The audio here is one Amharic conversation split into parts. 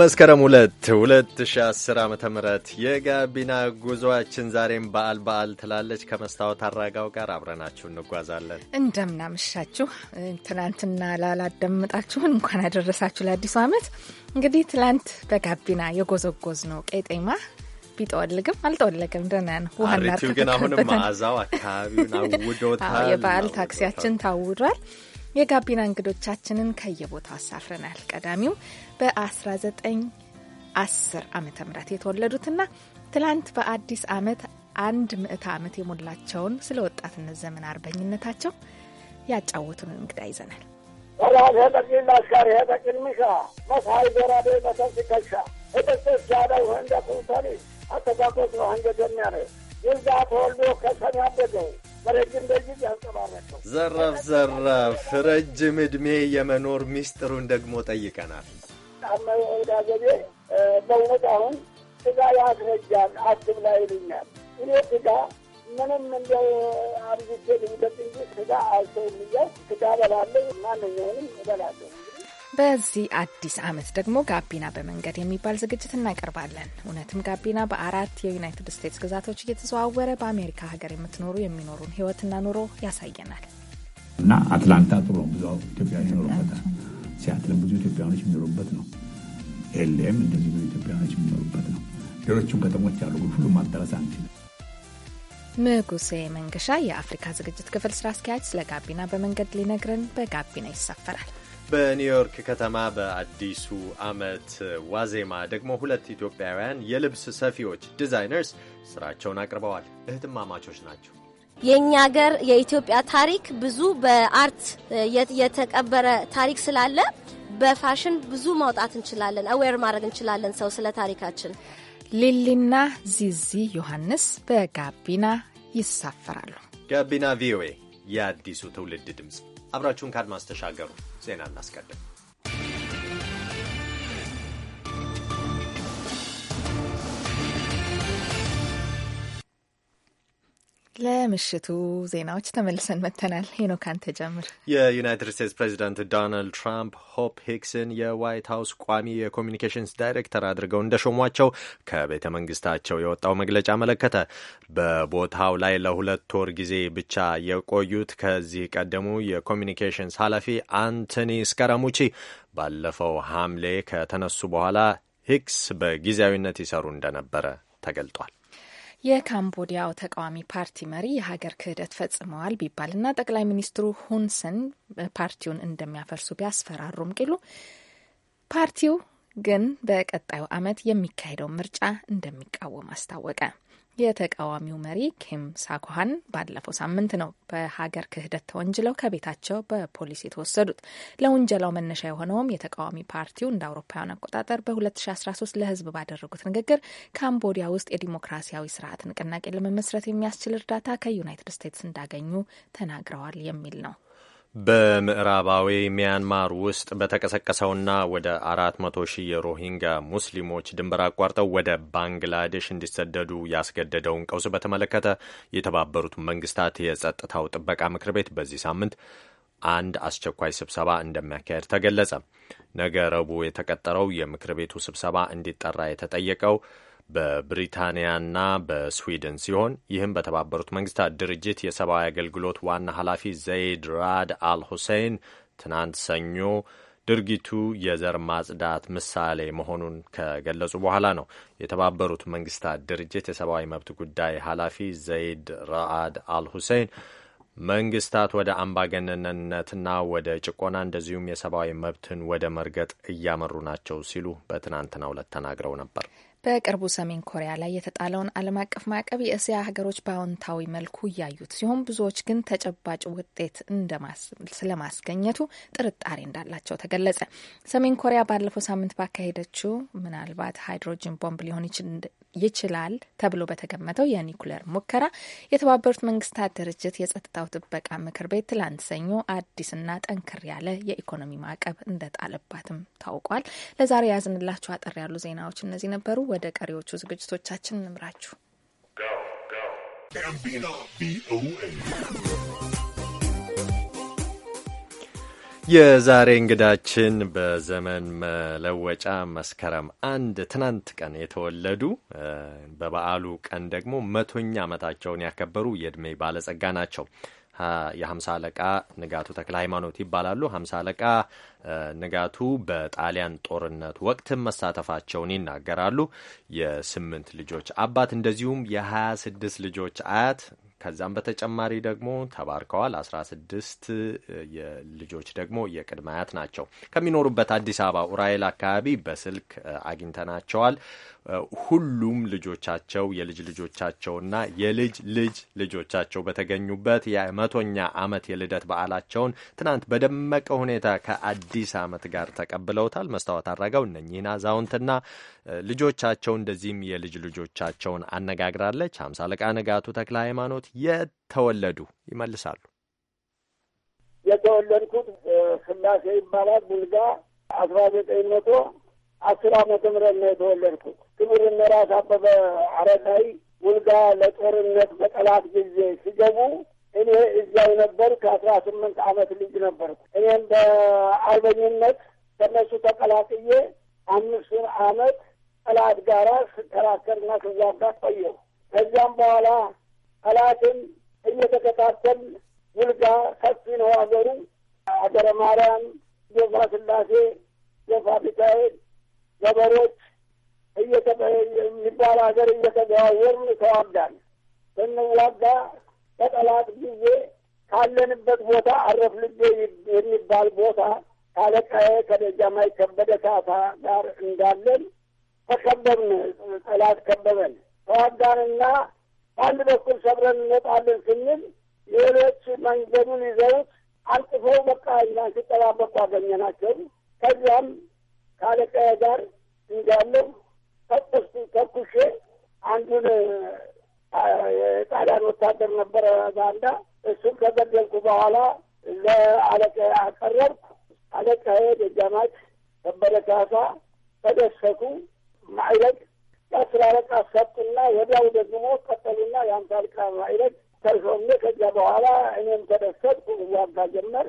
መስከረም ሁለት 2010 ዓ ም የጋቢና ጉዞአችን ዛሬም በዓል በዓል ትላለች። ከመስታወት አራጋው ጋር አብረናችሁ እንጓዛለን። እንደምናመሻችሁ። ትናንትና ላላደምጣችሁን እንኳን አደረሳችሁ ለአዲሱ ዓመት። እንግዲህ ትላንት በጋቢና የጎዘጎዝ ነው ቄጤማ ቢጠወልግም አልጠወለግም ደህና ነው። ውሃና ግን አሁንም መዓዛው አካባቢውን አውዶታል። የበዓል ታክሲያችን ታውዷል። የጋቢና እንግዶቻችንን ከየቦታው አሳፍረናል። ቀዳሚው በ1910 ዓ ም የተወለዱትና ትላንት በአዲስ ዓመት አንድ ምዕተ ዓመት የሞላቸውን ስለ ወጣትነት ዘመን አርበኝነታቸው ያጫወቱን እንግዳ ይዘናል። ወላድ ህጠቅል አሽካሪ ህጠቅል ምሻ መሳይ ጎራዴ መሰብሲ ከሻ ህጥቅስ ጃዳው እንደ ኩልተኒ አተቃቆስ ነው አንገጀሚያ ነው ይዛ ተወልዶ ከሰን ያደገው ዘረፍ ዘረፍ ረጅም እድሜ የመኖር ሚስጥሩን ደግሞ ጠይቀናል። ጫማ የኦዳ ገቤ አሁን ስጋ ያስረጃል አስብ ላይ ይሉኛል። እኔ ስጋ ምንም እንደ አብዝቼ ልውደቅ እንጂ ስጋ አልሰውም ስጋ በላለሁ፣ ማንኛውንም እበላለሁ። በዚህ አዲስ ዓመት ደግሞ ጋቢና በመንገድ የሚባል ዝግጅት እናቀርባለን። እውነትም ጋቢና በአራት የዩናይትድ ስቴትስ ግዛቶች እየተዘዋወረ በአሜሪካ ሀገር የምትኖሩ የሚኖሩን ሕይወትና ኑሮ ያሳየናል እና አትላንታ ጥሩ ነው። ብዙ ኢትዮጵያውያን ይኖሩበታል። ሲያትልም ብዙ ኢትዮጵያኖች የሚኖሩበት ነው። ኤልኤም እንደዚህ ብዙ ኢትዮጵያኖች የሚኖሩበት ነው። ሌሎችም ከተሞች አሉ፣ ሁሉም ማዳረስ አንችልም። ምጉሴ መንገሻ የአፍሪካ ዝግጅት ክፍል ስራ አስኪያጅ ስለ ጋቢና በመንገድ ሊነግረን በጋቢና ይሳፈራል። በኒውዮርክ ከተማ በአዲሱ ዓመት ዋዜማ ደግሞ ሁለት ኢትዮጵያውያን የልብስ ሰፊዎች ዲዛይነርስ ስራቸውን አቅርበዋል። እህትማማቾች ናቸው። የእኛ ሀገር የኢትዮጵያ ታሪክ ብዙ በአርት የተቀበረ ታሪክ ስላለ በፋሽን ብዙ ማውጣት እንችላለን፣ አዌር ማድረግ እንችላለን ሰው ስለ ታሪካችን። ሊሊና ዚዚ ዮሐንስ በጋቢና ይሳፈራሉ። ጋቢና ቪኦኤ የአዲሱ ትውልድ ድምፅ አብራችሁን ካድማስ ተሻገሩ። ዜና እናስቀድም። ለምሽቱ ዜናዎች ተመልሰን መጥተናል። ሄኖክ አንተ ጀምር። የዩናይትድ ስቴትስ ፕሬዚዳንት ዶናልድ ትራምፕ ሆፕ ሂክስን የዋይት ሀውስ ቋሚ የኮሚኒኬሽንስ ዳይሬክተር አድርገው እንደሾሟቸው ከቤተ መንግስታቸው የወጣው መግለጫ አመለከተ። በቦታው ላይ ለሁለት ወር ጊዜ ብቻ የቆዩት ከዚህ ቀደሙ የኮሚኒኬሽንስ ኃላፊ አንቶኒ ስካራሙቺ ባለፈው ሐምሌ ከተነሱ በኋላ ሂክስ በጊዜያዊነት ይሰሩ እንደነበረ ተገልጧል። የካምቦዲያው ተቃዋሚ ፓርቲ መሪ የሀገር ክህደት ፈጽመዋል ቢባልና ጠቅላይ ሚኒስትሩ ሁንሰን ፓርቲውን እንደሚያፈርሱ ቢያስፈራሩም ቂሉ ፓርቲው ግን በቀጣዩ ዓመት የሚካሄደውን ምርጫ እንደሚቃወም አስታወቀ። የተቃዋሚው መሪ ኪም ሳኮሃን ባለፈው ሳምንት ነው በሀገር ክህደት ተወንጅለው ከቤታቸው በፖሊስ የተወሰዱት። ለውንጀላው መነሻ የሆነውም የተቃዋሚ ፓርቲው እንደ አውሮፓውያን አቆጣጠር በ2013 ለህዝብ ባደረጉት ንግግር ካምቦዲያ ውስጥ የዲሞክራሲያዊ ስርዓት ንቅናቄ ለመመስረት የሚያስችል እርዳታ ከዩናይትድ ስቴትስ እንዳገኙ ተናግረዋል የሚል ነው። በምዕራባዊ ሚያንማር ውስጥ በተቀሰቀሰውና ወደ አራት መቶ ሺህ የሮሂንጋ ሙስሊሞች ድንበር አቋርጠው ወደ ባንግላዴሽ እንዲሰደዱ ያስገደደውን ቀውስ በተመለከተ የተባበሩት መንግስታት የጸጥታው ጥበቃ ምክር ቤት በዚህ ሳምንት አንድ አስቸኳይ ስብሰባ እንደሚያካሄድ ተገለጸ። ነገ ረቡዕ የተቀጠረው የምክር ቤቱ ስብሰባ እንዲጠራ የተጠየቀው በብሪታንያና በስዊድን ሲሆን ይህም በተባበሩት መንግስታት ድርጅት የሰብአዊ አገልግሎት ዋና ኃላፊ ዘይድ ራድ አል ሁሴይን ትናንት ሰኞ ድርጊቱ የዘር ማጽዳት ምሳሌ መሆኑን ከገለጹ በኋላ ነው። የተባበሩት መንግስታት ድርጅት የሰብአዊ መብት ጉዳይ ኃላፊ ዘይድ ራአድ አል ሁሴይን መንግስታት ወደ አምባገነንነትና ወደ ጭቆና እንደዚሁም የሰብአዊ መብትን ወደ መርገጥ እያመሩ ናቸው ሲሉ በትናንትና ሁለት ተናግረው ነበር። በቅርቡ ሰሜን ኮሪያ ላይ የተጣለውን ዓለም አቀፍ ማዕቀብ የእስያ ሀገሮች በአዎንታዊ መልኩ እያዩት ሲሆን ብዙዎች ግን ተጨባጭ ውጤት ስለማስገኘቱ ጥርጣሬ እንዳላቸው ተገለጸ። ሰሜን ኮሪያ ባለፈው ሳምንት ባካሄደችው ምናልባት ሃይድሮጅን ቦምብ ሊሆን ይችላል ተብሎ በተገመተው የኒኩሌር ሙከራ የተባበሩት መንግስታት ድርጅት የጸጥታው ጥበቃ ምክር ቤት ትላንት ሰኞ አዲስና ጠንክር ያለ የኢኮኖሚ ማዕቀብ እንደጣለባትም ታውቋል። ለዛሬ ያዝንላችሁ አጠር ያሉ ዜናዎች እነዚህ ነበሩ። ወደ ቀሪዎቹ ዝግጅቶቻችን እንምራችሁ። የዛሬ እንግዳችን በዘመን መለወጫ መስከረም አንድ ትናንት ቀን የተወለዱ በበዓሉ ቀን ደግሞ መቶኛ ዓመታቸውን ያከበሩ የዕድሜ ባለጸጋ ናቸው። የሀምሳ አለቃ ንጋቱ ተክለ ሃይማኖት ይባላሉ። ሀምሳ አለቃ ንጋቱ በጣሊያን ጦርነት ወቅት መሳተፋቸውን ይናገራሉ። የስምንት ልጆች አባት እንደዚሁም የሀያ ስድስት ልጆች አያት ከዛም በተጨማሪ ደግሞ ተባርከዋል። አስራ ስድስት ልጆች ደግሞ የቅድማያት ናቸው። ከሚኖሩበት አዲስ አበባ ኡራኤል አካባቢ በስልክ አግኝተናቸዋል። ሁሉም ልጆቻቸው የልጅ ልጆቻቸውና የልጅ ልጅ ልጆቻቸው በተገኙበት የመቶኛ ዓመት የልደት በዓላቸውን ትናንት በደመቀ ሁኔታ ከአዲስ ዓመት ጋር ተቀብለውታል። መስታወት አድረገው እነኚህን አዛውንትና ልጆቻቸው እንደዚህም የልጅ ልጆቻቸውን አነጋግራለች። ሀምሳ አለቃ ንጋቱ ተክለ ሃይማኖት የተወለዱ ይመልሳሉ። የተወለድኩት ስላሴ ይባላል ሙልጋ አስራ ዘጠኝ መቶ አስር ዓመተ ምህረት ነው የተወለድኩት። ክቡር እነራስ አበበ አረጋይ ውልጋ ለጦርነት በጠላት ጊዜ ሲገቡ እኔ እዚያው ነበር። ከአስራ ስምንት አመት ልጅ ነበርኩ። እኔም በአርበኝነት ከነሱ ተቀላቅዬ አምስቱን አመት ጠላት ጋራ ስከራከርና ስዋጋ ቆየሁ። ከዚያም በኋላ ጠላትን እየተከታተል ውልጋ ሰፊ ነው አገሩ አገረ ማርያም፣ ጆፋ ስላሴ፣ ጆፋ ሚካኤል ገበሬዎች የሚባል ሀገር እየተዘዋወርን ተዋጋን። ስንዋጋ በጠላት ጊዜ ካለንበት ቦታ አረፍ ልጄ የሚባል ቦታ ካለቃዬ ከደጃማይ ከበደ ካሳ ጋር እንዳለን ተከበብን። ጠላት ከበበን። ተዋጋንና በአንድ በኩል ሰብረን እንወጣለን ስንል ሌሎች መንገዱን ይዘውት አንጥፈው በቃ እኛን ሲጠባበቁ አገኘናቸው። ከዚያም ከአለቃዬ ጋር እንዳለው ተኩስ ተኩሼ አንዱን የጣሊያን ወታደር ነበረ ባንዳ። እሱን ከገደልኩ በኋላ ለአለቃ አቀረብኩ። አለቃዬ ደጃማች ከበደ ካሳ ተደሰቱ። ማዕረግ የአስር አለቃ ሰጡና ወዲያው ደግሞ ቀጠሉና የአምሳ አለቃ ማዕረግ ተሾሜ። ከዚያ በኋላ እኔም ተደሰትኩ፣ እዋጋ ጀመር።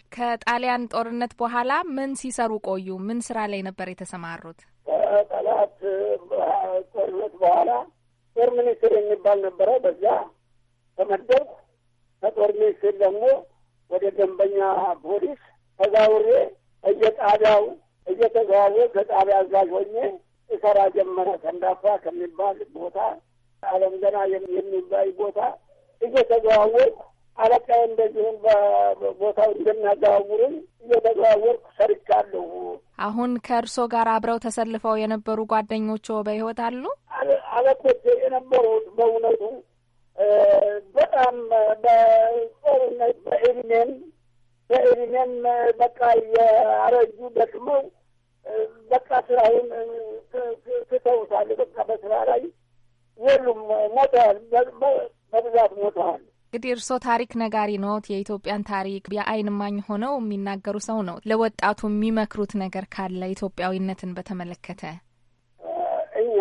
ከጣሊያን ጦርነት በኋላ ምን ሲሰሩ ቆዩ? ምን ስራ ላይ ነበር የተሰማሩት? ከጣሊያን ጦርነት በኋላ ጦር ሚኒስትር የሚባል ነበረ። በዚያ ተመደብ። ከጦር ሚኒስትር ደግሞ ወደ ደንበኛ ፖሊስ ተዛውሬ እየጣቢያው እየተዘዋወ ከጣቢያ አዛዥ ሆኜ እሰራ ጀመረ። ከንዳፋ ከሚባል ቦታ አለም ገና የሚባል ቦታ እየተዘዋወርኩ አለቃ እንደዚህም በቦታው እንደሚያዘዋውሩኝ እየተዘዋወርኩ ሰርቻለሁ። አሁን ከእርሶ ጋር አብረው ተሰልፈው የነበሩ ጓደኞቹ በሕይወት አሉ? አለቆቼ የነበሩ በእውነቱ በጣም በጦርነት በእድሜም በእድሜም በቃ የአረጁ ደክመው በቃ ስራውን ትተውታል። በቃ በስራ ላይ የሉም፣ ሞተዋል፣ በብዛት ሞተዋል። እንግዲህ እርስዎ ታሪክ ነጋሪ ኖት፣ የኢትዮጵያን ታሪክ የአይን እማኝ ሆነው የሚናገሩ ሰው ነው። ለወጣቱ የሚመክሩት ነገር ካለ ኢትዮጵያዊነትን በተመለከተ? እኛ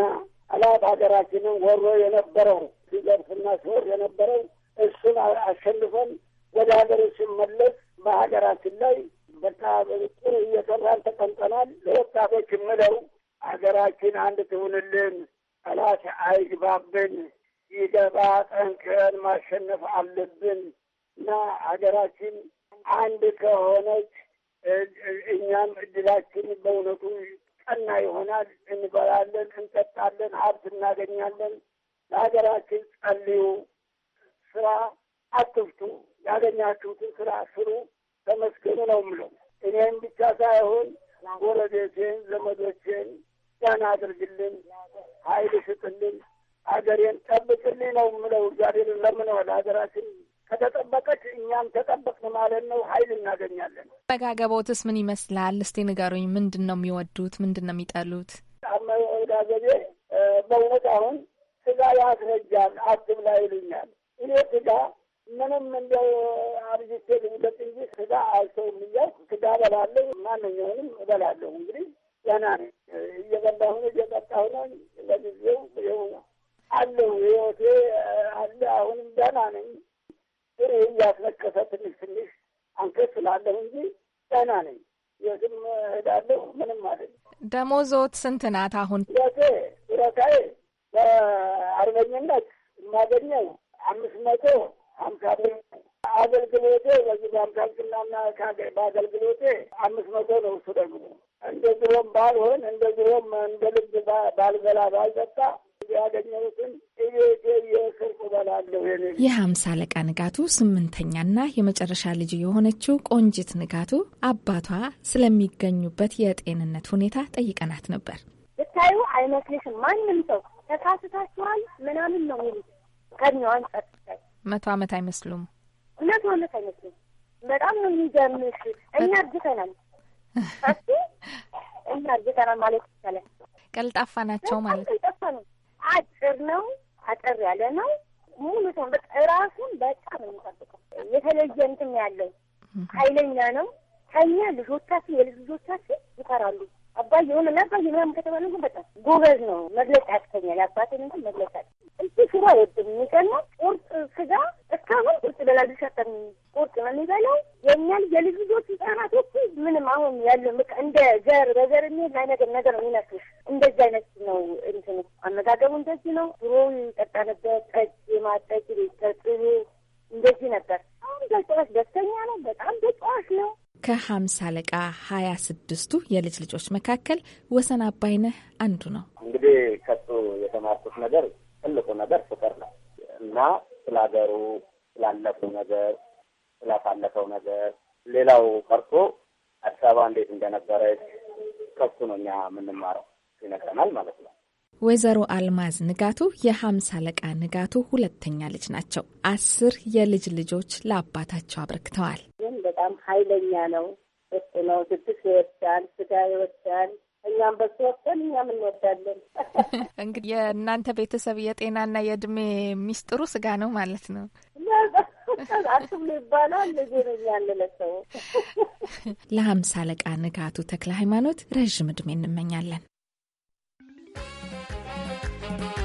አላት ሀገራችንን ወሮ የነበረው ሲገርፍና ሲወር የነበረው እሱን አሸንፈን ወደ ሀገር ሲመለስ በሀገራችን ላይ በቃ ጥሩ እየሰራን ተቀምጠናል። ለወጣቶች ምለው ሀገራችን አንድ ትሁንልን፣ ጠላት አይግባብን ሲገባ ጠንክረን ማሸነፍ አለብን እና ሀገራችን አንድ ከሆነች እኛም እድላችን በእውነቱ ቀና ይሆናል። እንበላለን፣ እንጠጣለን፣ ሀብት እናገኛለን። ለሀገራችን ጸልዩ፣ ስራ አትፍቱ፣ ያገኛችሁትን ስራ ስሩ፣ ተመስገኑ ነው የምለው። እኔም ብቻ ሳይሆን ጎረቤቴን፣ ዘመዶቼን ያን አድርግልን፣ ሀይል ስጥልን ሀገሬን ጠብቅልኝ ነው የምለው። እግዚአብሔር ለምን ወደ ሀገራችን ከተጠበቀች እኛም ተጠበቅ ማለት ነው፣ ሀይል እናገኛለን። አመጋገቦትስ ምን ይመስላል? እስቲ ንገሩኝ። ምንድን ነው የሚወዱት? ምንድን ነው የሚጠሉት? አመጋገቤ በእውነት አሁን ስጋ ያስረጃል፣ አትብላ ይሉኛል። ይሄ ስጋ ምንም እንደ አብዝቼ ልውደቅ እንጂ ስጋ አልሰውም እያልኩ ስጋ እበላለሁ። ማንኛውንም እበላለሁ። እንግዲህ ገና እየበላሁ እየጠጣሁ ነው ለጊዜው አለው ህይወቴ አለ። አሁንም ደህና ነኝ። እያስለቀሰ ትንሽ ትንሽ አንከስ ስላለሁ እንጂ ደህና ነኝ። የትም እሄዳለሁ። ምንም አይደለም። ደሞዞት ስንት ናት? አሁን ቴ ቱረታዬ በአርበኝነት የማገኘው አምስት መቶ ሀምሳ ብር አገልግሎቴ በዚህ በአምሳልክናና በአገልግሎቴ አምስት መቶ ነው። እሱ ደግሞ እንደ ድሮም ባልሆን እንደ ድሮም እንደ ልብ ባልበላ ባልጠጣ ያገኘሁትን እቤቴ የሀምሳ አለቃ ንጋቱ ስምንተኛና የመጨረሻ ልጅ የሆነችው ቆንጂት ንጋቱ አባቷ ስለሚገኙበት የጤንነት ሁኔታ ጠይቀናት ነበር። ብታዩ አይመስልሽም። ማንም ሰው ተካስታችኋል ምናምን ነው የሚሉት። ከኛው አንጻር መቶ አመት አይመስሉም። መቶ አመት አይመስሉም። በጣም ነው የሚገርምሽ። እኛ እርግተናል፣ እኛ እርግተናል ማለት ይቻላል። ቀልጣፋ ናቸው ማለት ቀልጣፋ ነው። አጭር ነው፣ አጠር ያለ ነው። ሙሉ ሰው ራሱን በጣም ነው የሚጠብቀው። የተለየ እንትን ያለው ኃይለኛ ነው። ከኛ ልጆቻችን የልጅ ልጆቻችን ይፈራሉ። አባዬ የሆነ ለአባዬ ምናምን ከተባለ ግን በጣም ጎበዝ ነው። መግለጫ ያቅተኛል። አባቴን እንኳን መግለጫ እንጂ ሽሮ አይወድም። የሚቀኛው ቁርጥ ስጋ እስካሁን ቁርጥ በላልሽ አታም ቁርጥ ነው የሚበላው የኛል የልጅ ልጆች ህጻናቶች ምንም አሁን ያለ በቃ እንደ ዘር በዘር የሚሄድ አይነገር ነገር ነው የሚመስልሽ። እንደዚህ አይነት ነው እንትን አመጋገቡ እንደዚህ ነው። ድሮ ይጠጣ ነበር ጠጅ ከሀምሳ አለቃ 26 ስድስቱ የልጅ ልጆች መካከል ወሰን አባይነህ አንዱ ነው። እንግዲህ ከሱ የተማርኩት ነገር ትልቁ ነገር ፍቅር ነው እና ስለ ሀገሩ ስላለፈው ነገር ስላሳለፈው ነገር ሌላው ቀርቶ አዲስ አበባ እንዴት እንደነበረች ከሱ ነው እኛ የምንማረው ይነግረናል ማለት ነው። ወይዘሮ አልማዝ ንጋቱ የሀምሳ አለቃ ንጋቱ ሁለተኛ ልጅ ናቸው። አስር የልጅ ልጆች ለአባታቸው አበርክተዋል። ለእኛ ነው እሱ ነው ስድስት ይወዳል፣ ስጋ ይወዳል። እኛም በሱ ወቅተን እኛም እንወዳለን። እንግዲህ የእናንተ ቤተሰብ የጤናና የእድሜ ሚስጥሩ ስጋ ነው ማለት ነው። አቱም ይባላል ልጅ ነው ያንለሰው ለሀምሳ አለቃ ንጋቱ ተክለ ሃይማኖት ረዥም እድሜ እንመኛለን። Thank you.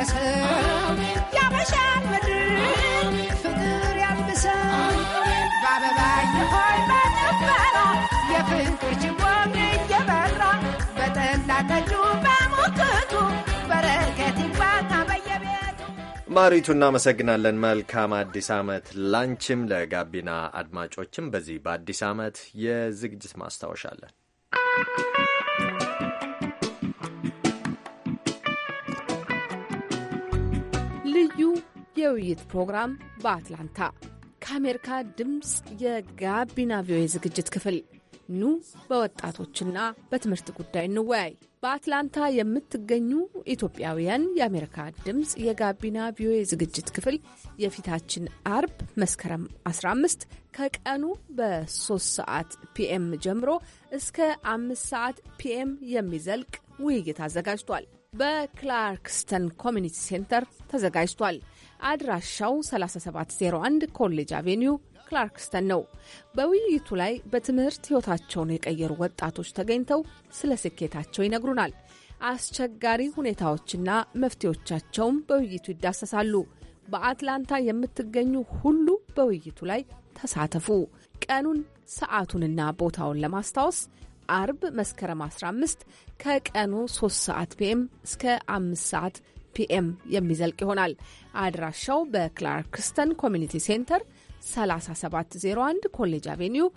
ያድረሰን ያበሻ ምድር ፍቅር ያብሰን በአበባ ሆይ የፍቅር እየበራ በጠላ ጠጁ በሙክቱ በረከት ይባታ በየቤቱ። ማሪቱ እናመሰግናለን። መልካም አዲስ ዓመት ላንቺም ለጋቢና አድማጮችም። በዚህ በአዲስ ዓመት የዝግጅት ማስታወሻ you. ልዩ የውይይት ፕሮግራም በአትላንታ ከአሜሪካ ድምፅ የጋቢና ቪኦኤ ዝግጅት ክፍል ኑ በወጣቶችና በትምህርት ጉዳይ እንወያይ። በአትላንታ የምትገኙ ኢትዮጵያውያን የአሜሪካ ድምፅ የጋቢና ቪኦኤ ዝግጅት ክፍል የፊታችን አርብ መስከረም 15 ከቀኑ በ3 ሰዓት ፒኤም ጀምሮ እስከ 5 ሰዓት ፒኤም የሚዘልቅ ውይይት አዘጋጅቷል። በክላርክስተን ኮሚኒቲ ሴንተር ተዘጋጅቷል። አድራሻው 3701 ኮሌጅ አቬኒው ክላርክስተን ነው። በውይይቱ ላይ በትምህርት ሕይወታቸውን የቀየሩ ወጣቶች ተገኝተው ስለ ስኬታቸው ይነግሩናል። አስቸጋሪ ሁኔታዎችና መፍትሄዎቻቸውም በውይይቱ ይዳሰሳሉ። በአትላንታ የምትገኙ ሁሉ በውይይቱ ላይ ተሳተፉ። ቀኑን ሰዓቱንና ቦታውን ለማስታወስ አርብ መስከረም 15 ከቀኑ 3 ሰዓት ፒኤም እስከ 5 ሰዓት ፒኤም የሚዘልቅ ይሆናል። አድራሻው በክላርክስተን ኮሚኒቲ ሴንተር 3701 ኮሌጅ አቬኒው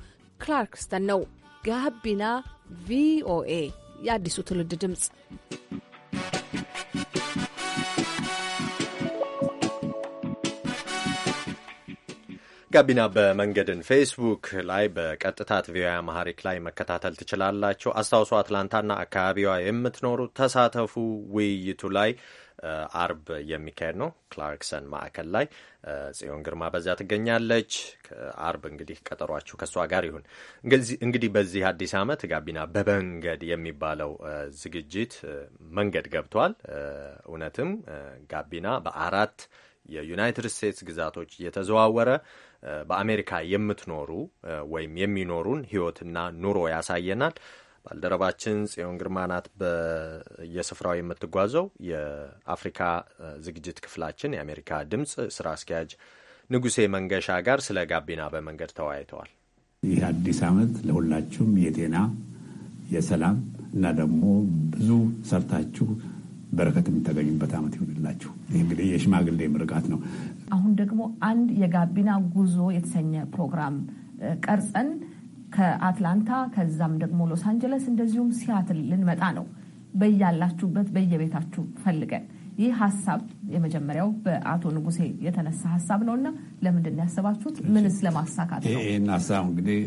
ክላርክስተን ነው። ጋቢና ቪኦኤ የአዲሱ ትውልድ ድምፅ ጋቢና በመንገድን ፌስቡክ ላይ በቀጥታ ቲቪ አማሪክ ላይ መከታተል ትችላላችሁ። አስታውሶ አትላንታና አካባቢዋ የምትኖሩ ተሳተፉ። ውይይቱ ላይ አርብ የሚካሄድ ነው ክላርክሰን ማዕከል ላይ ጽዮን ግርማ በዚያ ትገኛለች። አርብ እንግዲህ ቀጠሯችሁ ከእሷ ጋር ይሁን። እንግዲህ በዚህ አዲስ ዓመት ጋቢና በመንገድ የሚባለው ዝግጅት መንገድ ገብቷል። እውነትም ጋቢና በአራት የዩናይትድ ስቴትስ ግዛቶች እየተዘዋወረ በአሜሪካ የምትኖሩ ወይም የሚኖሩን ህይወትና ኑሮ ያሳየናል። ባልደረባችን ጽዮን ግርማ ናት በየስፍራው የምትጓዘው። የአፍሪካ ዝግጅት ክፍላችን የአሜሪካ ድምፅ ስራ አስኪያጅ ንጉሴ መንገሻ ጋር ስለ ጋቢና በመንገድ ተወያይተዋል። ይህ አዲስ ዓመት ለሁላችሁም የጤና የሰላም እና ደግሞ ብዙ ሰርታችሁ በረከት የምታገኙበት ዓመት ይሆንላችሁ። ይህ እንግዲህ የሽማግሌ ምርቃት ነው። አሁን ደግሞ አንድ የጋቢና ጉዞ የተሰኘ ፕሮግራም ቀርጸን ከአትላንታ ከዛም ደግሞ ሎስ አንጀለስ እንደዚሁም ሲያትል ልንመጣ ነው። በያላችሁበት በየቤታችሁ ፈልገን ይህ ሀሳብ የመጀመሪያው በአቶ ንጉሴ የተነሳ ሀሳብ ነው እና ለምንድን ነው ያሰባችሁት? ምንስ ለማሳካት ነው? ይህን ሀሳብ እንግዲህ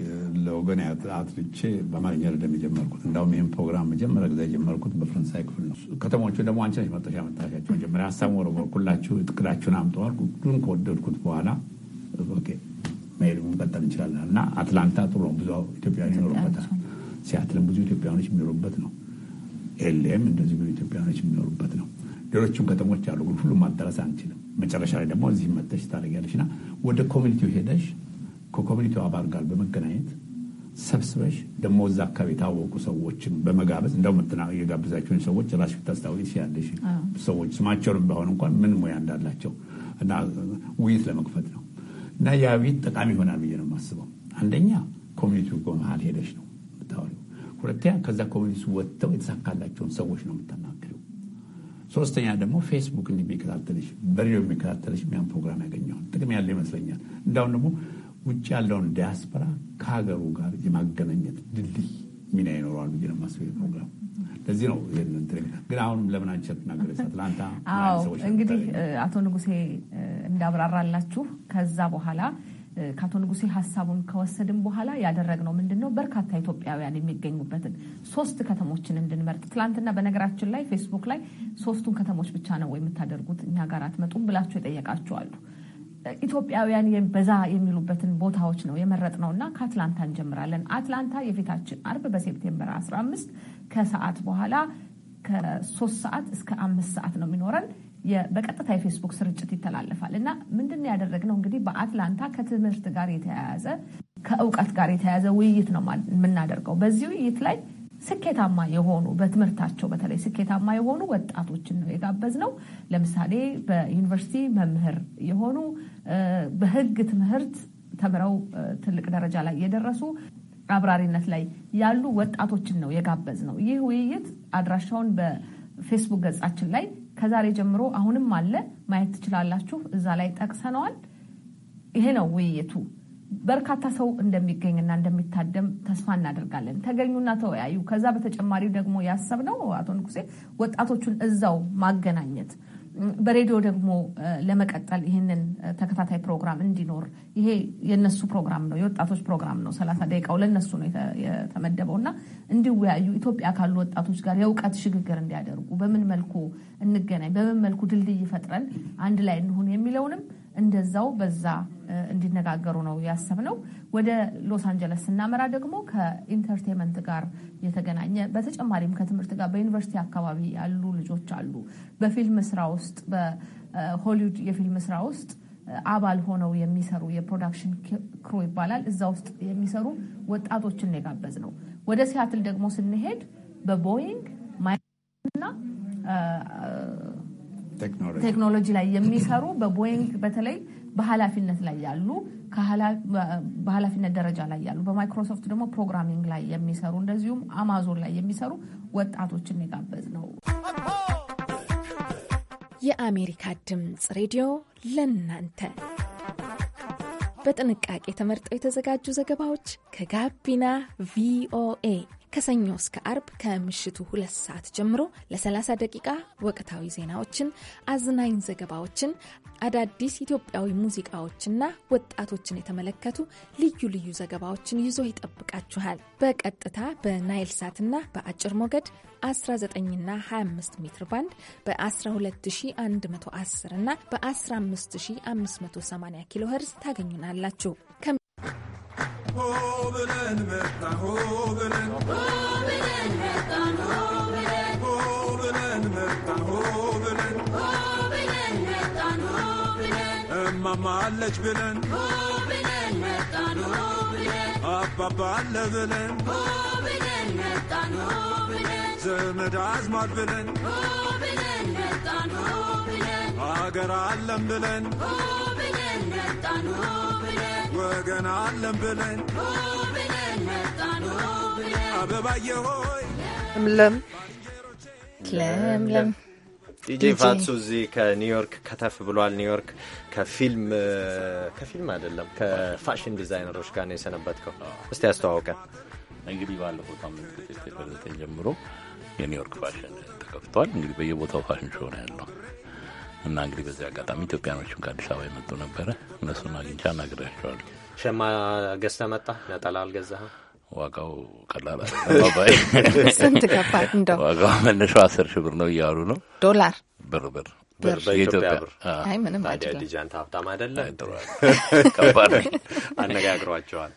ለወገን አትልቼ በማግኘት የጀመርኩት እንዳሁም ይህን ፕሮግራም መጀመሪያ ጊዜ የጀመርኩት በፈረንሳይ ክፍል ነው። ከተሞቹ ደግሞ አንቺ ነች መጠሻ መታሻቸው መጀመሪያ ሀሳብ ወረወርኩላችሁ፣ እቅዳችሁን አምጠዋል። ሁሉን ከወደድኩት በኋላ መሄድ መቀጠል እንችላለን እና አትላንታ ጥሩ ነው። ብዙ ኢትዮጵያውያን ይኖሩበታል። ሲያትልም ብዙ ኢትዮጵያኖች የሚኖሩበት ነው። ኤልኤም እንደዚህ ብዙ ኢትዮጵያኖች የሚኖሩበት ነው። ሌሎችም ከተሞች አሉ፣ ግን ሁሉም ማዳረስ አንችልም። መጨረሻ ላይ ደግሞ እዚህ መተሽ ታደርጊያለሽ እና ወደ ኮሚኒቲው ሄደሽ ከኮሚኒቲው አባል ጋር በመገናኘት ሰብስበሽ ደግሞ እዛ አካባቢ የታወቁ ሰዎችን በመጋበዝ እንደውም የጋብዛቸውን ሰዎች ራስሽ ብታስታውቂ ትችያለሽ። ሰዎች ስማቸውን ባይሆን እንኳን ምን ሙያ እንዳላቸው እና ውይይት ለመክፈት ነው እና ያ ውይይት ጠቃሚ ይሆናል ብዬ ነው የማስበው። አንደኛ ኮሚኒቲው በመሀል ሄደሽ ነው የምታወሪው። ሁለተኛ ከዛ ኮሚኒቲ ወጥተው የተሳካላቸውን ሰዎች ነው የምታናግሪው። ሶስተኛ ደግሞ ፌስቡክ የሚከታተልሽ በሬዲዮ የሚከታተልሽ ያን ፕሮግራም ያገኘዋል። ጥቅም ያለ ይመስለኛል። እንዳሁን ደግሞ ውጭ ያለውን ዲያስፖራ ከሀገሩ ጋር የማገናኘት ድልድይ ሚና ይኖረዋል ብዬ ነው የማስበው ፕሮግራም። ለዚህ ነው ግን አሁንም ለምን አንቺ ትናገረች አትላንታ። እንግዲህ አቶ ንጉሴ እንዳብራራላችሁ ከዛ በኋላ ከአቶ ንጉሴ ሀሳቡን ከወሰድን በኋላ ያደረግነው ምንድን ነው? በርካታ ኢትዮጵያውያን የሚገኙበትን ሶስት ከተሞችን እንድንመርጥ። ትላንትና በነገራችን ላይ ፌስቡክ ላይ ሶስቱን ከተሞች ብቻ ነው የምታደርጉት እኛ ጋር አትመጡም ብላችሁ የጠየቃችኋሉ። ኢትዮጵያውያን በዛ የሚሉበትን ቦታዎች ነው ነው እና ከአትላንታ እንጀምራለን። አትላንታ የፊታችን አርብ በሴፕቴምበር 15 ከሰዓት በኋላ ከሶስት ሰዓት እስከ አምስት ሰዓት ነው የሚኖረን በቀጥታ የፌስቡክ ስርጭት ይተላለፋል እና ምንድን ነው ያደረግነው እንግዲህ በአትላንታ ከትምህርት ጋር የተያያዘ ከእውቀት ጋር የተያያዘ ውይይት ነው የምናደርገው። በዚህ ውይይት ላይ ስኬታማ የሆኑ በትምህርታቸው በተለይ ስኬታማ የሆኑ ወጣቶችን ነው የጋበዝ ነው። ለምሳሌ በዩኒቨርሲቲ መምህር የሆኑ በህግ ትምህርት ተምረው ትልቅ ደረጃ ላይ የደረሱ አብራሪነት ላይ ያሉ ወጣቶችን ነው የጋበዝ ነው። ይህ ውይይት አድራሻውን በፌስቡክ ገጻችን ላይ ከዛሬ ጀምሮ አሁንም አለ ማየት ትችላላችሁ። እዛ ላይ ጠቅሰነዋል። ይሄ ነው ውይይቱ። በርካታ ሰው እንደሚገኝና እንደሚታደም ተስፋ እናደርጋለን። ተገኙና ተወያዩ። ከዛ በተጨማሪ ደግሞ ያሰብነው አቶ ንጉሴ ወጣቶቹን እዛው ማገናኘት በሬዲዮ ደግሞ ለመቀጠል ይህንን ተከታታይ ፕሮግራም እንዲኖር ይሄ የነሱ ፕሮግራም ነው፣ የወጣቶች ፕሮግራም ነው። ሰላሳ ደቂቃው ለነሱ ነው የተመደበው እና እንዲወያዩ ኢትዮጵያ ካሉ ወጣቶች ጋር የእውቀት ሽግግር እንዲያደርጉ በምን መልኩ እንገናኝ፣ በምን መልኩ ድልድይ ፈጥረን አንድ ላይ እንሁን የሚለውንም እንደዛው በዛ እንዲነጋገሩ ነው ያሰብነው። ወደ ሎስ አንጀለስ ስናመራ ደግሞ ከኢንተርቴንመንት ጋር የተገናኘ በተጨማሪም ከትምህርት ጋር በዩኒቨርሲቲ አካባቢ ያሉ ልጆች አሉ። በፊልም ስራ ውስጥ በሆሊውድ የፊልም ስራ ውስጥ አባል ሆነው የሚሰሩ የፕሮዳክሽን ክሩ ይባላል። እዛ ውስጥ የሚሰሩ ወጣቶችን ነው የጋበዝ ነው። ወደ ሲያትል ደግሞ ስንሄድ በቦይንግ ማይና ቴክኖሎጂ ላይ የሚሰሩ በቦይንግ በተለይ በኃላፊነት ላይ ያሉ በኃላፊነት ደረጃ ላይ ያሉ በማይክሮሶፍት ደግሞ ፕሮግራሚንግ ላይ የሚሰሩ እንደዚሁም አማዞን ላይ የሚሰሩ ወጣቶችን የጋበዝ ነው። የአሜሪካ ድምፅ ሬዲዮ ለእናንተ በጥንቃቄ ተመርጠው የተዘጋጁ ዘገባዎች ከጋቢና ቪኦኤ ከሰኞ እስከ አርብ ከምሽቱ ሁለት ሰዓት ጀምሮ ለ30 ደቂቃ ወቅታዊ ዜናዎችን፣ አዝናኝ ዘገባዎችን፣ አዳዲስ ኢትዮጵያዊ ሙዚቃዎችና ወጣቶችን የተመለከቱ ልዩ ልዩ ዘገባዎችን ይዞ ይጠብቃችኋል። በቀጥታ በናይል ሳትና በአጭር ሞገድ 19ና 25 ሜትር ባንድ በ12110 እና በ15580 ኪሎ ሄርዝ ታገኙናላችሁ። Hoveland mettan, hoveland. Hoveland mettan, hoveland. Hoveland mettan, hoveland. Hoveland mettan, hoveland. Ömmam allec bilen. Hoveland mettan, ብለን ዘመድ አዝማድ ብለን ብለን መጣን ብለን አገር አለም ብለን ብለን መጣን ብለን ወገን አለም ብለን ብለን መጣን ብለን ሆይ ለምለም ለምለም ዲጄ ፋሱ እዚህ ከኒውዮርክ ከተፍ ብሏል። ኒውዮርክ ከፊልም ከፊልም አይደለም ከፋሽን ዲዛይነሮች ጋር ነው የሰነበትከው። እስቲ ያስተዋውቀን። እንግዲህ ባለፈው ሳምንት ከሴፕቴምበር ዘጠኝ ጀምሮ የኒውዮርክ ፋሽን ተከፍቷል። እንግዲህ በየቦታው ፋሽን ሾው ነው ያለው እና እንግዲህ በዚህ አጋጣሚ ኢትዮጵያኖችም ከአዲስ አበባ የመጡ ነበረ። እነሱን አግኝቻ አናግሬያቸዋለሁ። ሸማ ገዝተህ መጣ? ነጠላ አልገዛህም? ዋጋው ቀላል አባይ ስንት ገባ? እንደው ዋጋው መነሻው አስር ሺህ ብር ነው እያሉ ነው። ዶላር ብር ብር ብር አይ ምንም አይደለም። ሀብታም አይደለም። ከባድ አነጋግሯቸዋል።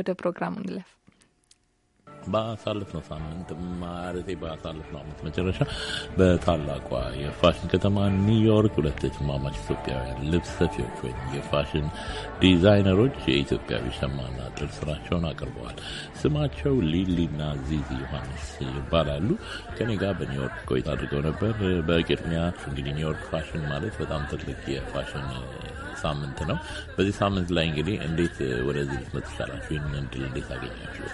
ወደ ፕሮግራሙ እንለፍ። ነው ሳምንት ማለቴ ነው ዓመት መጨረሻ በታላቋ የፋሽን ከተማ ኒውዮርክ ሁለት ተማማች ኢትዮጵያውያን ልብስ ሰፊዎች ወይም የፋሽን ዲዛይነሮች የኢትዮጵያዊ ሸማና ጥልፍ ስራቸውን አቅርበዋል። ስማቸው ሊሊና ዚዚ ዮሐንስ ይባላሉ። ከኔ ጋር በኒውዮርክ ቆይታ አድርገው ነበር። በቅድሚያ እንግዲህ ኒውዮርክ ፋሽን ማለት በጣም ትልቅ የፋሽን ሳምንት ነው። በዚህ ሳምንት ላይ እንግዲህ እንዴት ወደዚህ ልትመጡ ቻላችሁ? ይህንን እድል እንዴት አገኛችሁ?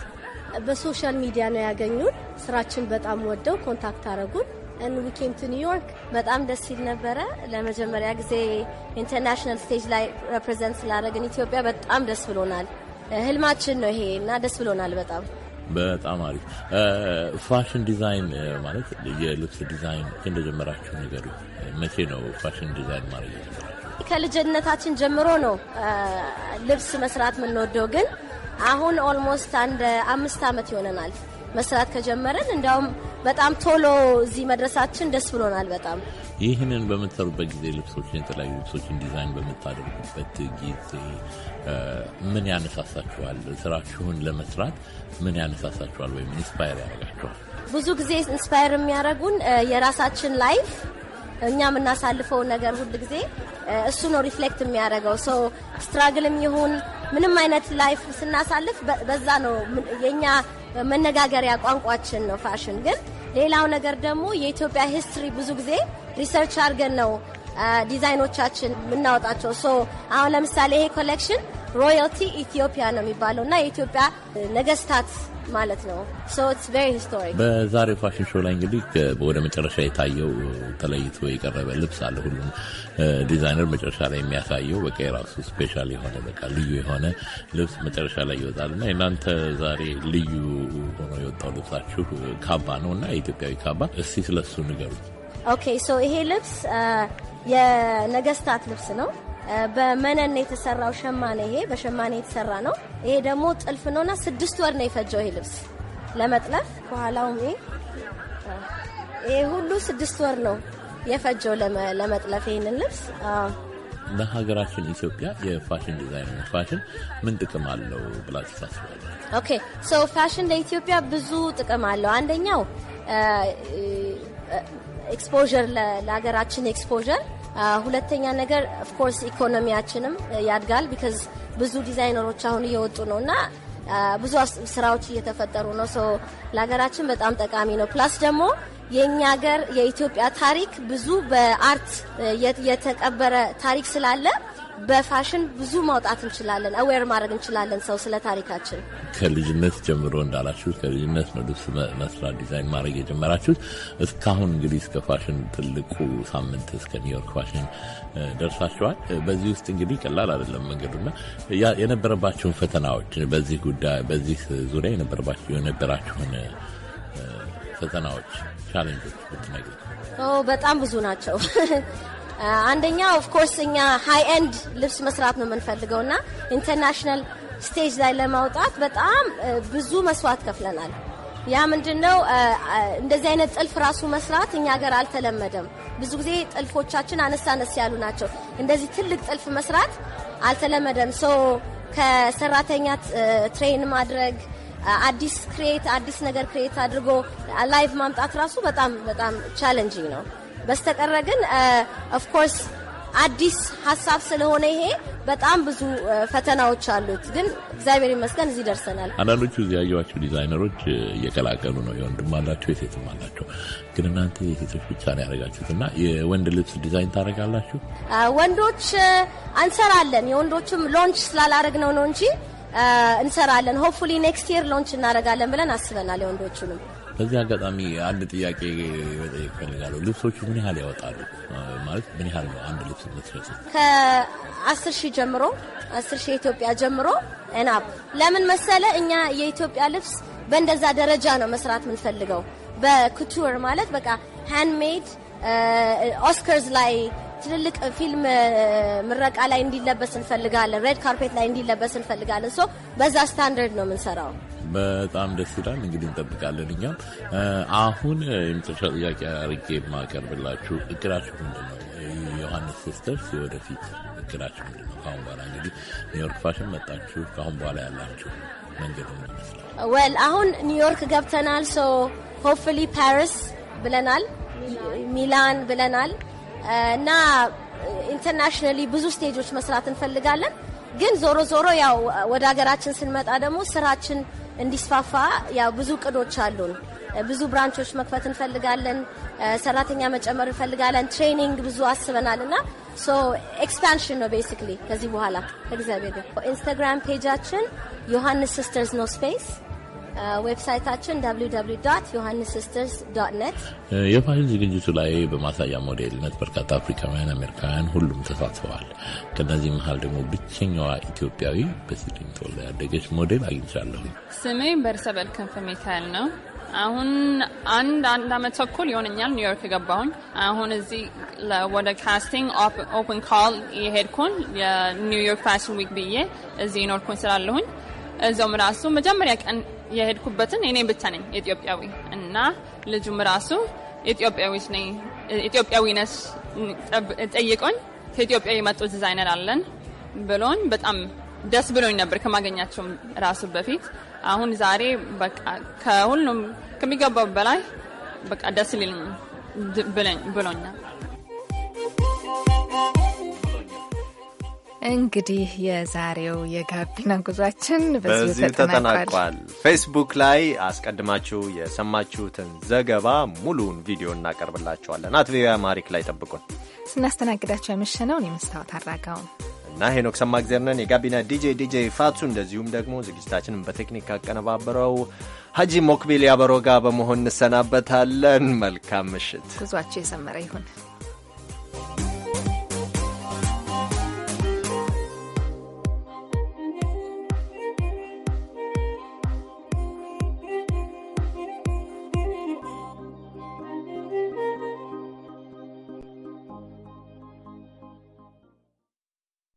በሶሻል ሚዲያ ነው ያገኙን። ስራችን በጣም ወደው ኮንታክት አረጉን። ን ዊኬም ቱ ኒውዮርክ በጣም ደስ ሲል ነበረ። ለመጀመሪያ ጊዜ ኢንተርናሽናል ስቴጅ ላይ ሬፕሬዘንት ስላደረግን ኢትዮጵያ በጣም ደስ ብሎናል። ህልማችን ነው ይሄ እና ደስ ብሎናል በጣም በጣም አሪፍ። ፋሽን ዲዛይን ማለት የልብስ ዲዛይን እንደጀመራችሁ ነገር መቼ ነው? ፋሽን ዲዛይን ማለት ከልጅነታችን ጀምሮ ነው ልብስ መስራት የምንወደው ግን አሁን ኦልሞስት አንድ አምስት ዓመት ይሆነናል መስራት ከጀመረን። እንዲያውም በጣም ቶሎ እዚህ መድረሳችን ደስ ብሎናል በጣም። ይህንን በምትሰሩበት ጊዜ ልብሶችን፣ የተለያዩ ልብሶችን ዲዛይን በምታደርጉበት ጊዜ ምን ያነሳሳችኋል? ስራችሁን ለመስራት ምን ያነሳሳችኋል? ወይም ኢንስፓየር ያደርጋችኋል? ብዙ ጊዜ ኢንስፓየር የሚያደርጉን የራሳችን ላይፍ እኛ የምናሳልፈው ነገር ሁል ጊዜ እሱ ነው ሪፍሌክት የሚያደርገው። ሶ ስትራግልም ይሁን ምንም አይነት ላይፍ ስናሳልፍ በዛ ነው የእኛ መነጋገሪያ ቋንቋችን ነው ፋሽን። ግን ሌላው ነገር ደግሞ የኢትዮጵያ ሂስትሪ ብዙ ጊዜ ሪሰርች አድርገን ነው ዲዛይኖቻችን የምናወጣቸው። ሶ አሁን ለምሳሌ ይሄ ኮሌክሽን ሮያልቲ ኢትዮጵያ ነው የሚባለው እና የኢትዮጵያ ነገስታት ማለት ነው። በዛሬው ፋሽን ሾው ላይ እንግዲህ ወደ መጨረሻ የታየው ተለይቶ የቀረበ ልብስ አለ። ሁሉም ዲዛይነር መጨረሻ ላይ የሚያሳየው በቃ የራሱ ስፔሻል የሆነ በቃ ልዩ የሆነ ልብስ መጨረሻ ላይ ይወጣል እና የእናንተ ዛሬ ልዩ ሆኖ የወጣው ልብሳችሁ ካባ ነው እና የኢትዮጵያዊ ካባ፣ እስቲ ስለሱ ንገሩ። ኦኬ ሶ ይሄ ልብስ የነገስታት ልብስ ነው። በመነን የተሰራው ሸማኔ ይሄ በሸማኔ የተሰራ ነው። ይሄ ደግሞ ጥልፍ ነውና ስድስት ወር ነው የፈጀው ይሄ ልብስ ለመጥለፍ። ከኋላውም ይሄ ሁሉ ስድስት ወር ነው የፈጀው ለመጥለፍ ይህንን ልብስ። በሀገራችን ኢትዮጵያ የፋሽን ዲዛይነር ፋሽን ምን ጥቅም አለው ብላችሁ ታስባለህ? ኦኬ ሶ ፋሽን ለኢትዮጵያ ብዙ ጥቅም አለው። አንደኛው ኤክስፖዠር ለሀገራችን ኤክስፖዠር ሁለተኛ ነገር ኦፍኮርስ ኢኮኖሚያችንም ያድጋል። ቢካዝ ብዙ ዲዛይነሮች አሁን እየወጡ ነው እና ብዙ ስራዎች እየተፈጠሩ ነው። ሶ ለሀገራችን በጣም ጠቃሚ ነው። ፕላስ ደግሞ የእኛ ሀገር የኢትዮጵያ ታሪክ ብዙ በአርት የተቀበረ ታሪክ ስላለ በፋሽን ብዙ ማውጣት እንችላለን፣ አዌር ማድረግ እንችላለን ሰው ስለ ታሪካችን። ከልጅነት ጀምሮ እንዳላችሁት ከልጅነት ነው ልብስ መስራት ዲዛይን ማድረግ የጀመራችሁት። እስካሁን እንግዲህ እስከ ፋሽን ትልቁ ሳምንት እስከ ኒውዮርክ ፋሽን ደርሳችኋል። በዚህ ውስጥ እንግዲህ ቀላል አይደለም መንገዱና የነበረባቸውን ፈተናዎች በዚህ ጉዳይ በዚህ ዙሪያ የነበራችሁን ፈተናዎች ቻሌንጆች ብትነግሩ። በጣም ብዙ ናቸው። Uh, አንደኛ ኦፍኮርስ እኛ ሀይ ኤንድ ልብስ መስራት ነው የምንፈልገው እና ኢንተርናሽናል ስቴጅ ላይ ለማውጣት በጣም uh, ብዙ መስዋዕት ከፍለናል። ያ ምንድን ነው? Uh, እንደዚህ አይነት ጥልፍ ራሱ መስራት እኛ ሀገር አልተለመደም። ብዙ ጊዜ ጥልፎቻችን አነስ አነስ ያሉ ናቸው። እንደዚህ ትልቅ ጥልፍ መስራት አልተለመደም። ሰው ከሰራተኛ ትሬን ማድረግ አዲስ ክሬት አዲስ ነገር ክሬት አድርጎ ላይቭ ማምጣት ራሱ በጣም በጣም ቻለንጂንግ ነው። በስተቀረ ግን ኦፍኮርስ አዲስ ሀሳብ ስለሆነ ይሄ በጣም ብዙ ፈተናዎች አሉት። ግን እግዚአብሔር ይመስገን እዚህ ደርሰናል። አንዳንዶቹ እዚህ ያየኋቸው ዲዛይነሮች እየቀላቀሉ ነው። የወንድም አላቸው የሴትም አላቸው። ግን እናንተ የሴቶች ብቻ ነው ያደረጋችሁት እና የወንድ ልብስ ዲዛይን ታደርጋላችሁ? ወንዶች እንሰራለን። የወንዶችም ሎንች ስላላረግ ነው ነው እንጂ እንሰራለን። ሆፕፉሊ ኔክስት የር ሎንች እናደርጋለን ብለን አስበናል የወንዶቹንም በዚህ አጋጣሚ አንድ ጥያቄ መጠየቅ እፈልጋለሁ። ልብሶቹ ምን ያህል ያወጣሉ? ማለት ምን ያህል ነው አንድ ልብስ የምትሸጡ? ከአስር ሺህ ጀምሮ አስር ሺህ የኢትዮጵያ ጀምሮ እናብ ለምን መሰለ እኛ የኢትዮጵያ ልብስ በእንደዛ ደረጃ ነው መስራት የምንፈልገው። በኩቱር ማለት በቃ ሃንድሜድ ኦስከርስ uh, ላይ ትልልቅ ፊልም uh, ምረቃ ላይ እንዲለበስ እንፈልጋለን። ሬድ ካርፔት ላይ እንዲለበስ እንፈልጋለን። ሶ በዛ ስታንዳርድ ነው የምንሰራው። በጣም ደስ ይላል። እንግዲህ እንጠብቃለን እኛም። አሁን የመጨረሻ ጥያቄ አርጌ የማቀርብላችሁ እቅዳችሁ ምንድን ነው? ዮሐንስ ሲስተርስ የወደፊት እቅዳችሁ ምንድን ነው? ከአሁን በኋላ እንግዲህ ኒውዮርክ ፋሽን መጣችሁ፣ ከአሁን በኋላ ያላችሁ መንገድ ምን ይመስላል? ወል አሁን ኒውዮርክ ገብተናል። ሶ ሆፕፉሊ ፓሪስ ብለናል፣ ሚላን ብለናል እና ኢንተርናሽናሊ ብዙ ስቴጆች መስራት እንፈልጋለን። ግን ዞሮ ዞሮ ያው ወደ ሀገራችን ስንመጣ ደግሞ ስራችን እንዲስፋፋ ያው ብዙ እቅዶች አሉን። ብዙ ብራንቾች መክፈት እንፈልጋለን። ሰራተኛ መጨመር እንፈልጋለን። ትሬኒንግ ብዙ አስበናል እና ሶ ኤክስፓንሽን ነው ቤሲክሊ ከዚህ በኋላ ከእግዚአብሔር ጋር ኢንስታግራም ፔጃችን ዮሐንስ ሲስተርስ ኖ ስፔስ ዌብሳይታችን ዮሐንስ ስተርስ ዶት ኔት። የፓይል ዝግጅቱ ላይ በማሳያ ሞዴልነት በርካታ አፍሪካውያን አሜሪካውያን ሁሉም ተሳትፈዋል። ከእነዚህ መሀል ደግሞ ብቸኛዋ ኢትዮጵያዊ በሲድኒ ተወልዳ ያደገች ሞዴል አግኝቻለሁ። ስሜ በርሰበል ክንፍ ሚካኤል ነው። አሁን አንድ አንድ አመት ተኩል ይሆነኛል ኒውዮርክ የገባሁኝ። አሁን እዚህ ወደ ካስቲንግ ኦፕን ካል የሄድኩን የኒውዮርክ ፋሽን ዊክ ብዬ እዚህ ኖርኩኝ ስላለሁኝ እዚውም ራሱ መጀመሪያ ቀን የሄድኩበትን እኔ ብቻ ነኝ ኢትዮጵያዊ እና ልጁም ራሱ ኢትዮጵያዊት ነኝ ኢትዮጵያዊ ጠይቆኝ ከኢትዮጵያ የመጡ ዲዛይነር አለን ብሎን በጣም ደስ ብሎኝ ነበር ከማገኛቸውም ራሱ በፊት። አሁን ዛሬ በቃ ከሁሉም ከሚገባው በላይ በቃ ደስ ሊልኝ ብሎኛል። እንግዲህ የዛሬው የጋቢና ጉዟችን በዚሁ ተጠናቋል። ፌስቡክ ላይ አስቀድማችሁ የሰማችሁትን ዘገባ ሙሉውን ቪዲዮ እናቀርብላችኋለን። አት ማሪክ ላይ ጠብቁን። ስናስተናግዳቸው የምሽነውን የመስታወት አራጋውን እና ሄኖክ ሰማ ነን። የጋቢና ዲጄ ዲጄ ፋቱ እንደዚሁም ደግሞ ዝግጅታችንን በቴክኒክ አቀነባበረው ሀጂ ሞክቢል ያበሮጋ በመሆን እንሰናበታለን። መልካም ምሽት። ጉዟቸው የሰመረ ይሁን።